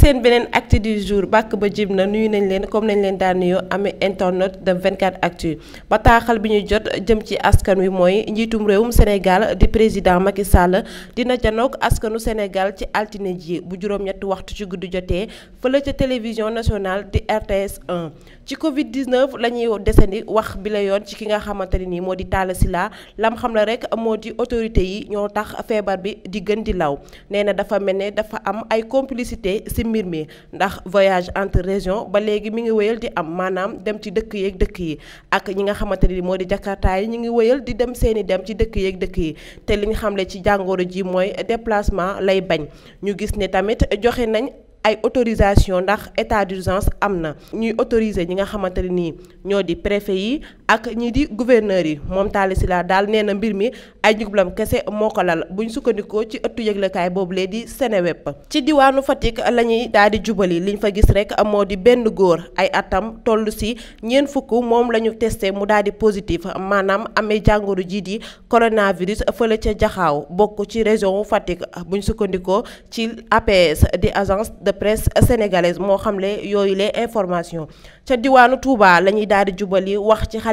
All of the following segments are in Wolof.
seen beneen acte du jour bàkk ba jib na nuy nañ leen comme nañ leen daan nuyoo amee internet de 24 actu bataaxal bi ñu jot jëm ci askan wi mooy njiitum réewum Sénégal di président Macky Sall dina janook askanu Sénégal ci altine ji bu juróom-ñetti waxtu ci guddi jotee fële ca télévision nationale di RTS 1 ci Covid 19 la ñuy desandi wax bi la yoon ci ki nga xamante ne nii moo di Talla Sylla lam xam la rek moo di autorité yi ñoo tax feebar bi di gën di law nee na dafa mel ne dafa am ay complicité mbir mi ndax voyage entre région ba léegi mi ngi wéyal di am maanaam dem ci dëkk yeeg dëkk yi ak ñi nga xamante ni moo di jakarta yi ñu ngi woyal di dem seeni dem ci dëkk yeeg dëkk yi te li nga xam ne ci jàngoro ji mooy déplacement lay bañ ñu gis ne tamit joxe nañ ay autorisation ndax état d'urgence am na ñuy autoriser ñi nga xamante ni ñoo di préfet yi ak ñii di gouverneur yi moom Talla la daal nee na mbir mi ay njublam kese moo ko lal buñ sukkandikoo ci ëttu yëglekaay boobule di Seneweb ci diwaanu Fatick la ñuy daal di jubali liñ fa gis rek moo di benn góor ay atam toll si ñeent fukk moom la ñu testé mu daal di positif maanaam amee jàngoro jii di coronavirus fële ca jaxaaw bokk ci région Fatick buñ sukkandikoo ci APS di agence de presse sénégalaise moo xamle yooyu les informations ca diwaanu Touba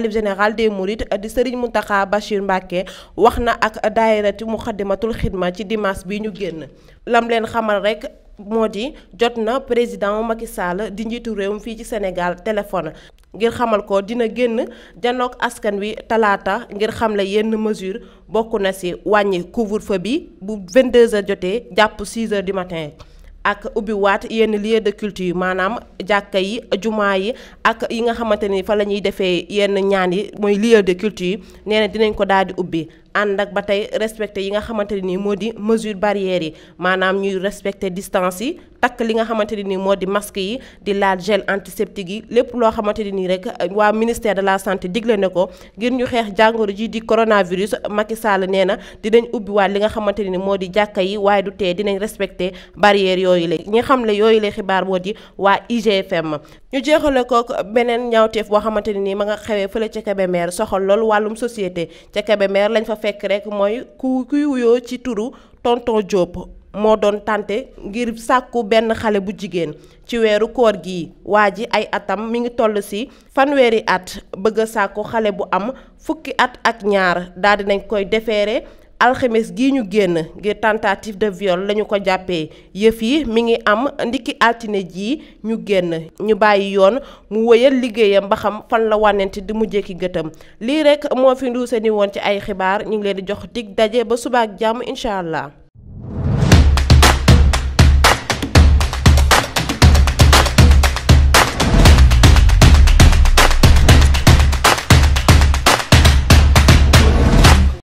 général des mourides di Serigne Mountakha Bachir Mbacké wax na ak mu Muxaddamatul Xidma ci dimanche bi ñu génn lam leen xamal rek moo di jot na président Macky Sall di njiitu réew réewum fii ci Sénégal téléphone ngir xamal ko dina génn janook askan wi talaata ngir xam xamle yenn mesure bokk na ci wàññi couvre-feu bi bu 22h jotee jàpp 6h du matin. ak ubbiwaat yenn lieu de culture yi maanaam jàkka yi jumaa yi ak yi nga xamante ni fa la ñuy defee yenn ñaan yi mooy lieu de culture nee na dinañ ko daal di ubbi ànd ak ba tey respecté yi nga xamante ne nii moo di mesure barrière yi maanaam ñuy respecté distance yi takk li nga xamante ne nii moo di masque yi di laal gel antiseptique yi lépp loo xamante ne nii rek euh, waa ministère de la santé digle ne ko ngir ñu xeex jàngoro ji di coronavirus Macky Sall nee na dinañ ubbiwaat li nga xamante ne nii moo di jàkka yi waaye du tee dinañ respecté barrière yooyu la ñi xam le yooyu la xibaar moo di waa IGFM ñu jeexale kook beneen ñaawteef boo xamante ne nii ma nga xewee fële ca Kébémer soxal loolu wàllum société fekk rek mooy ku kuy wuyoo ci turu tonton Diop. moo doon tànte ngir sàkku benn xale bu jigéen ci weeru koor gi waa ji ay atam mi ngi toll si fanweeri at bëgg a sàkku xale bu am fukki at ak ñaar daldi di nañ koy defeere alxemes gi ñu génn ngir tentative de viol lañu ko jàppee yëf yi mi ngi am ndikki altine ji ñu génn ñu bàyyi yoon mu wëyal liggéeyam ba xam fan la wànnente di mujjee ki gëtam lii rek moo fi nduuse ni woon ci ay xibaar ñu ngi leen di jox dig daje ba suba jàmm incha allah.